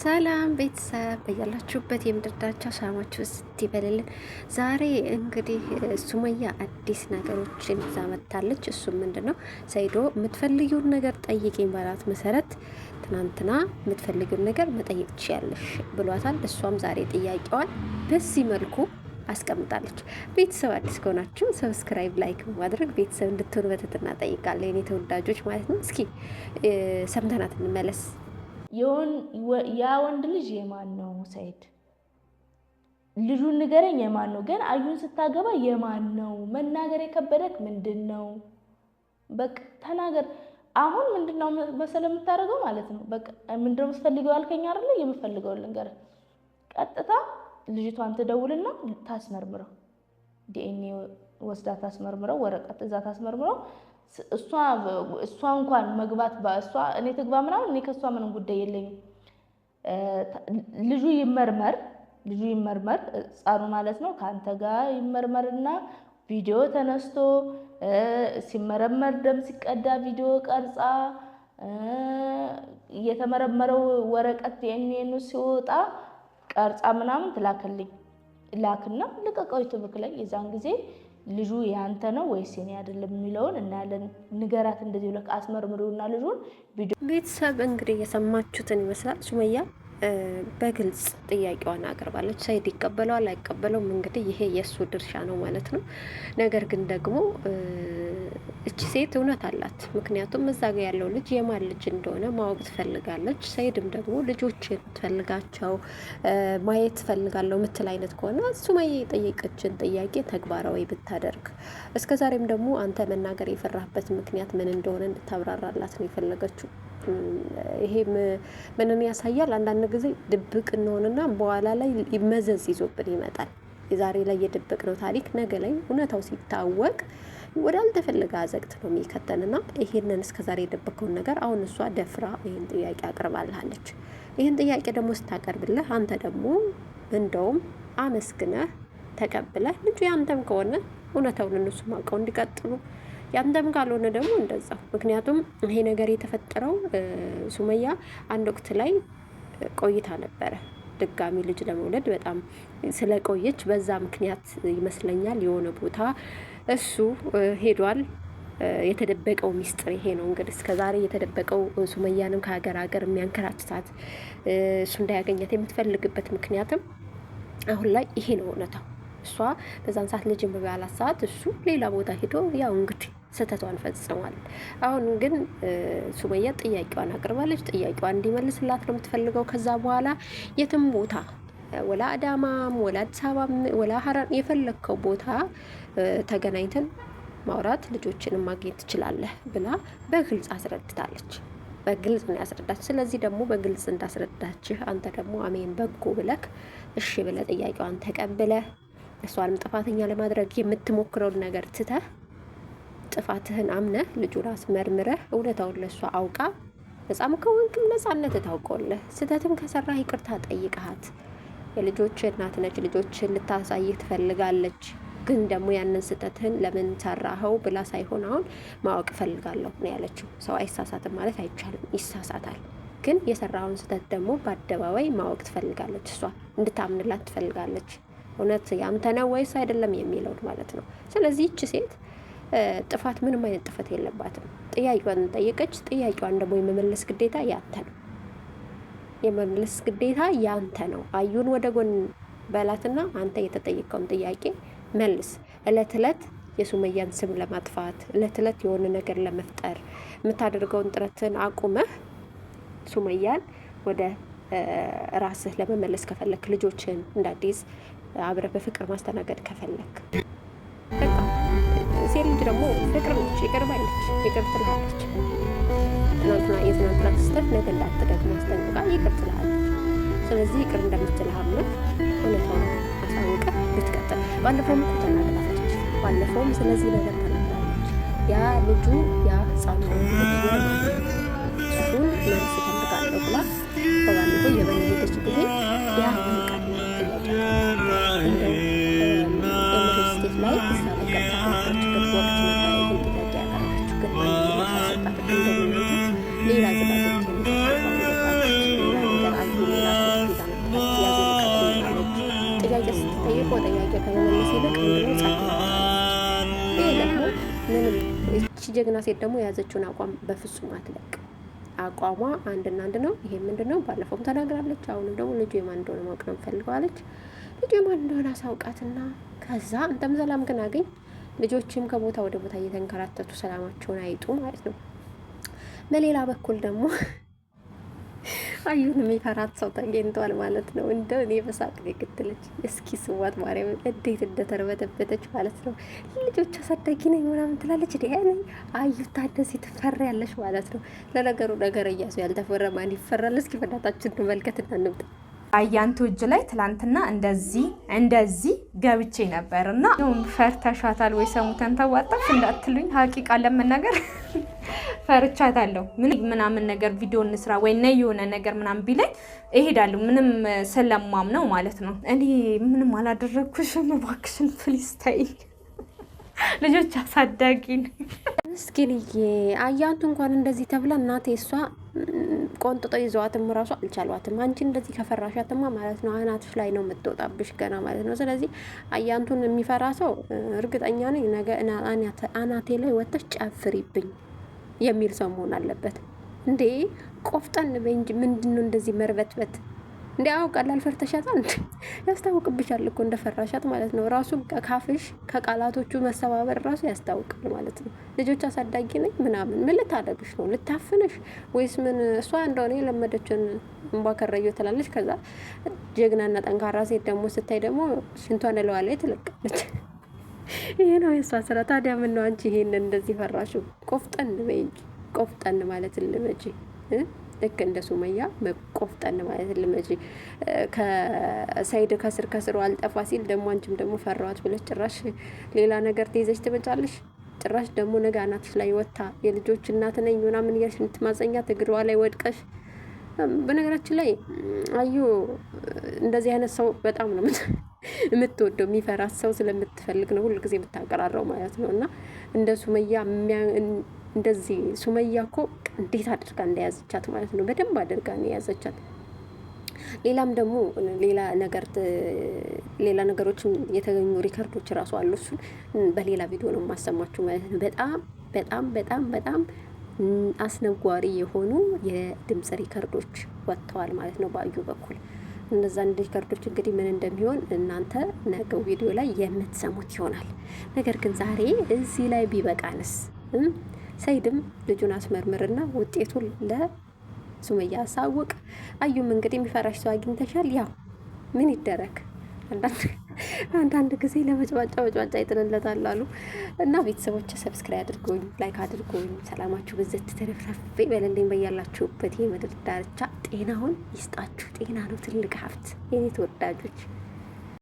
ሰላም ቤተሰብ በያላችሁበት የምድር ዳርቻ ሰላማችሁ ይበልልን። ዛሬ እንግዲህ ሱመያ አዲስ ነገሮችን ይዛ መጥታለች። እሱም ምንድን ነው ሰይዶ የምትፈልጊውን ነገር ጠይቂኝ ባላት መሰረት ትናንትና የምትፈልጊውን ነገር መጠየቅ ትችያለሽ ብሏታል። እሷም ዛሬ ጥያቄዋን በዚህ መልኩ አስቀምጣለች። ቤተሰብ አዲስ ከሆናችሁ ሰብስክራይብ፣ ላይክ በማድረግ ቤተሰብ እንድትሆኑ በትህትና ጠይቃለሁ። የኔ ተወዳጆች ማለት ነው። እስኪ ሰምተናት እንመለስ። ያ ወንድ ልጅ የማን ነው? ሰኢድ ልጁን ንገረኝ፣ የማን ነው? ግን አዩን ስታገባ የማን ነው? መናገር የከበደክ ምንድን ነው? በቃ ተናገር። አሁን ምንድነው መሰለ የምታደርገው ማለት ነው። በቃ ምንድነው የምትፈልገው ያልከኝ አይደለ? የምፈልገው ልንገርህ። ቀጥታ ልጅቷን ትደውልና ታስመርምረው፣ ዲኤንኤ ወስዳ ታስመርምረው፣ ወረቀት እዛ ታስመርምረው እሷ እሷ እንኳን መግባት እሷ እኔ ትግባ ምናምን እኔ ከእሷ ምንም ጉዳይ የለኝም። ልጁ ይመርመር ልጁ ይመርመር ሕፃኑ ማለት ነው ከአንተ ጋር ይመርመርና ቪዲዮ ተነስቶ ሲመረመር ደም ሲቀዳ ቪዲዮ ቀርጻ የተመረመረው ወረቀት ዲኤንኤኑ ሲወጣ ቀርጻ ምናምን ትላክልኝ ላክና ልቀቀው ዩቱብክ ላይ የዛን ጊዜ ልጁ ያንተ ነው ወይስ የኔ አይደለም የሚለውን እናያለን። ንገራት እንደዚህ ብለህ አስመርምሩና ልጁን ቤተሰብ እንግዲህ የሰማችሁትን ይመስላል ሱመያ በግልጽ ጥያቄዋን አቅርባለች። ሰይድ ይቀበለዋል አይቀበለውም፣ እንግዲህ ይሄ የእሱ ድርሻ ነው ማለት ነው። ነገር ግን ደግሞ እቺ ሴት እውነት አላት። ምክንያቱም እዛ ጋ ያለው ልጅ የማን ልጅ እንደሆነ ማወቅ ትፈልጋለች። ሰኢድም ደግሞ ልጆች የምትፈልጋቸው ማየት ትፈልጋለሁ ምትል አይነት ከሆነ ሱመያ የጠየቀችን ጥያቄ ተግባራዊ ብታደርግ፣ እስከዛሬም ደግሞ አንተ መናገር የፈራህበት ምክንያት ምን እንደሆነ እንድታብራራላት ነው የፈለገችው። ይሄ ምንን ያሳያል? አንዳንድ ጊዜ ድብቅ እንሆንና በኋላ ላይ መዘዝ ይዞብን ይመጣል። የዛሬ ላይ የደበቅነው ታሪክ ነገ ላይ እውነታው ሲታወቅ ወደ አልተፈለገ አዘቅት ነው የሚከተንና ይሄንን እስከዛሬ የደበቀውን ነገር አሁን እሷ ደፍራ ይህን ጥያቄ አቅርባልሃለች። ይህን ጥያቄ ደግሞ ስታቀርብልህ አንተ ደግሞ እንደውም አመስግነህ ተቀብለህ ልጁ ያንተም ከሆነ እውነታውን እነሱ ማውቀው እንዲቀጥሉ ያንተም ካልሆነ ደግሞ እንደዛ። ምክንያቱም ይሄ ነገር የተፈጠረው ሱመያ አንድ ወቅት ላይ ቆይታ ነበረ ድጋሚ ልጅ ለመውለድ በጣም ስለቆየች በዛ ምክንያት ይመስለኛል የሆነ ቦታ እሱ ሄዷል። የተደበቀው ሚስጥር ይሄ ነው እንግዲህ እስከዛሬ የተደበቀው ሱመያንም ከሀገር ሀገር የሚያንከራትታት እሱ እንዳያገኛት የምትፈልግበት ምክንያትም አሁን ላይ ይሄ ነው እውነታው። እሷ በዛን ሰዓት ልጅ በባላት ሰዓት እሱ ሌላ ቦታ ሄዶ ያው እንግዲህ ስህተቷን ፈጽሟል። አሁን ግን ሱመያ ጥያቄዋን አቅርባለች። ጥያቄዋን እንዲመልስላት ነው የምትፈልገው። ከዛ በኋላ የትም ቦታ ወላ አዳማም ወላ አዲስ አበባም ወላ ሀረር የፈለግከው ቦታ ተገናኝተን ማውራት ልጆችንም ማግኘት ትችላለህ ብላ በግልጽ አስረድታለች። በግልጽ ነው ያስረዳች። ስለዚህ ደግሞ በግልጽ እንዳስረዳችህ አንተ ደግሞ አሜን በጎ ብለክ እሺ ብለ ጥያቄዋን ተቀብለ እሷንም ጥፋተኛ ለማድረግ የምትሞክረውን ነገር ትተህ ጥፋትህን አምነህ ልጁ ራስ መርምረህ እውነታውን ለሷ አውቃ ነፃም ከሆንክም ነፃነት ታውቀውለህ ስህተትም ከሰራህ ይቅርታ ጠይቀሃት የልጆች እናት ነች። ልጆችን ልታሳይህ ትፈልጋለች። ግን ደግሞ ያንን ስህተትህን ለምን ሰራኸው ብላ ሳይሆን አሁን ማወቅ እፈልጋለሁ ነው ያለችው። ሰው አይሳሳትም ማለት አይቻልም፣ ይሳሳታል። ግን የሰራውን ስህተት ደግሞ በአደባባይ ማወቅ ትፈልጋለች። እሷ እንድታምንላት ትፈልጋለች። እውነት ያንተ ነው ወይስ አይደለም የሚለውን ማለት ነው። ስለዚህ ይቺ ሴት ጥፋት ምንም አይነት ጥፋት የለባትም። ጥያቄዋን ጠየቀች። ጥያቄዋን ደግሞ የመመለስ ግዴታ ያንተ ነው። የመመለስ ግዴታ ያንተ ነው። አዩን ወደ ጎን በላትና አንተ የተጠየቀውን ጥያቄ መልስ። እለት እለት የሱመያን ስም ለማጥፋት እለት እለት የሆነ ነገር ለመፍጠር የምታደርገውን ጥረትን አቁመህ ሱመያን ወደ ራስህ ለመመለስ ከፈለክ ልጆችን እንዳዲስ አብረህ በፍቅር ማስተናገድ ከፈለክ ልጅ ደግሞ ፍቅር ነች፣ ይቅር ባይለች ይቅር ትልሃለች። ትናንትና የትናንትና ስህተት ነገ እንዳትደግም አስጠንቅቃ ይቅር ትልሃለች። ስለዚህ ይቅር እንደምትልህ አምነህ እውነታውን አሳውቀህ ብትቀጥል። ባለፈውም እኮ ተናግራለች፣ ባለፈውም ስለዚህ ነገር ተናግራለች። ያ ልጁ ያ ህፃኑ ሌላ ጥያቄ ስትጠየቀው ጥያቄ ከመመለስ ይልቅ ምንድነው ጀግና ሴት ደግሞ የያዘችውን አቋም በፍጹም አትለቅ አቋሟ አንድና አንድ ነው። ይሄ ምንድን ነው? ባለፈውም ተናግራለች። አሁንም ደግሞ ልጁ የማን እንደሆነ ማወቅ ነው ፈልገዋለች። ልጁ የማን እንደሆነ አሳውቃትና ከዛ እንተም ሰላም ግን አገኝ ልጆችም ከቦታ ወደ ቦታ እየተንከራተቱ ሰላማቸውን አይጡ ማለት ነው። በሌላ በኩል ደግሞ አዩን የሚፈራት ሰው ተገኝቷል ማለት ነው። እንደው እኔ በሳቅ የገደለች እስኪ ስዋት ማርያም እንዴት እንደተርበተበተች ማለት ነው። ልጆች አሳዳጊ ነኝ ምናምን ትላለች። ዲ አዩ ታደስ የተፈራ ያለች ማለት ነው። ለነገሩ ነገር እያሱ ያልተፈረ ማን ይፈራል? እስኪ ፈዳታችን እንመልከት እና እንምጣ። አያንቱ እጅ ላይ ትላንትና እንደዚህ እንደዚህ ገብቼ ነበር እና ፈርተሻታል ወይ ሰሙተን ተዋጣች እንዳትሉኝ ሀቂቃ ለምን ነገር ፈርቻታለሁ። ምን ምናምን ነገር ቪዲዮ እንስራ ወይ ነይ የሆነ ነገር ምናምን ቢለኝ እሄዳለሁ። ምንም ስለማም ነው ማለት ነው። እኔ ምንም አላደረግኩሽም፣ እባክሽን ፕሊስ ተይኝ። ልጆች አሳዳጊ ምስኪንዬ። አያንቱ እንኳን እንደዚህ ተብላ እናቴ እሷ ቆንጥጦ ይዘዋትም ራሱ አልቻሏትም። አንቺ እንደዚህ ከፈራሻትማ ማለት ነው አናትሽ ላይ ነው የምትወጣብሽ ገና ማለት ነው። ስለዚህ አያንቱን የሚፈራ ሰው እርግጠኛ ነኝ ነገ አናቴ ላይ ወጥተሽ ጨፍሪብኝ የሚል ሰው መሆን አለበት እንዴ! ቆፍጠን በይ እንጂ ምንድን ነው እንደዚህ መርበትበት? እንዲ አውቃል አልፈርተሻታል እንዴ? ያስታውቅብሻል እኮ እንደፈራሻት ማለት ነው። ራሱ ካፍሽ ከቃላቶቹ መሰባበር ራሱ ያስታውቃል ማለት ነው። ልጆች አሳዳጊ ነኝ ምናምን ምን ልታደርግሽ ነው? ልታፍንሽ ወይስ ምን? እሷ እንደሆነ የለመደችን እንቧ ትላለች። ከዛ ጀግናና ጠንካራ ሴት ደግሞ ስታይ ደግሞ ሽንቷን ለዋላይ ትለቃለች። ይሄ ነው የእሷ ስራ። ታዲያ ምን ነው አንቺ ይሄን እንደዚህ ፈራሹ? ቆፍጠን በይ እንጂ ቆፍጠን ማለት ልመጪ ልክ እንደ ሱመያ ቆፍጠን ማለት ልመጪ። ከሰይድ ከስር ከስሩ አልጠፋ ሲል ደግሞ አንቺም ደግሞ ፈራዋት ብለሽ ጭራሽ ሌላ ነገር ትይዘሽ ትመጫለሽ። ጭራሽ ደግሞ ነገ አናትሽ ላይ ወታ የልጆች እናት ነኝ ምናምን እያልሽ የምትማጸኛት እግሯ ላይ ወድቀሽ በነገራችን ላይ አዩ እንደዚህ አይነት ሰው በጣም ነው የምትወደው የሚፈራት ሰው ስለምትፈልግ ነው ሁሉ ጊዜ የምታንቀራረው ማለት ነው። እና እንደ ሱመያ እንደዚህ ሱመያ እኮ እንዴት አድርጋ እንደያዘቻት ማለት ነው። በደንብ አድርጋ የያዘቻት። ሌላም ደግሞ ሌላ ነገር ሌላ ነገሮችን የተገኙ ሪከርዶች እራሱ አሉ። እሱን በሌላ ቪዲዮ ነው የማሰማችሁ ማለት ነው። በጣም በጣም በጣም በጣም አስነጓሪ የሆኑ የድምፅ ሪከርዶች ወጥተዋል ማለት ነው በአዩ በኩል እነዛን ሪከርዶች እንግዲህ ምን እንደሚሆን እናንተ ነገው ቪዲዮ ላይ የምትሰሙት ይሆናል። ነገር ግን ዛሬ እዚህ ላይ ቢበቃንስ? ሰይድም ልጁን አስመርምርና ውጤቱን ለሱመያ አሳውቅ። አዩም እንግዲህ የሚፈራሽ ሰው አግኝተሻል። ያው ምን ይደረግ አንዳንድ አንዳንድ ጊዜ ለመጭዋጫ መጭዋጫ ይጥንለታል አሉ እና ቤተሰቦች ሰብስክራይ አድርጎኝ ላይክ አድርጎኝ ሰላማችሁ ብዘት ተረፍረፍ በለልኝ በያላችሁበት የምድር ዳርቻ ጤናውን ይስጣችሁ። ጤና ነው ትልቅ ሀብት የኔ ተወዳጆች።